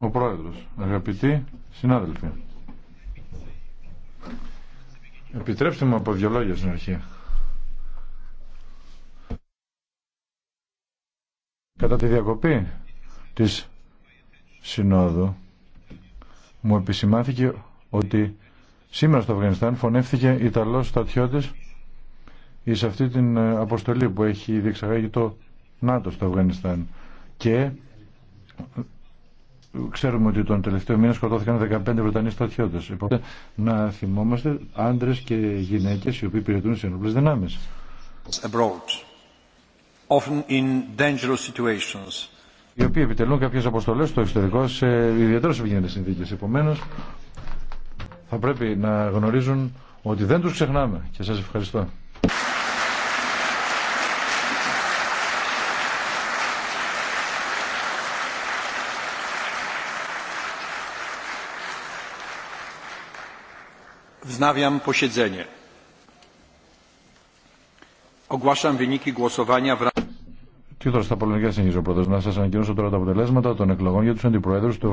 Ο Πρόεδρος, αγαπητοί συνάδελφοι, επιτρέψτε μου από δυο λόγια στην αρχή. Κατά τη διακοπή της Συνόδου μου επισημάθηκε ότι σήμερα στο Αφγανιστάν φωνεύτηκε Ιταλός στρατιώτης σε αυτή την ε, αποστολή που έχει διεξαγάγει το ΝΑΤΟ στο Αφγανιστάν. Και ε, ξέρουμε ότι τον τελευταίο μήνα σκοτώθηκαν 15 Βρετανοί στρατιώτε. Οπότε να θυμόμαστε άντρε και γυναίκε οι οποίοι υπηρετούν σε ενόπλε δυνάμει. Οι οποίοι επιτελούν κάποιε αποστολέ στο εξωτερικό σε ιδιαίτερε ευγενεί συνθήκε. Επομένω, θα πρέπει να γνωρίζουν ότι δεν του ξεχνάμε. Και σα ευχαριστώ. Wznawiam posiedzenie. Ogłaszam wyniki głosowania τώρα τα αποτελέσματα των εκλογών για του αντιπροέδρου του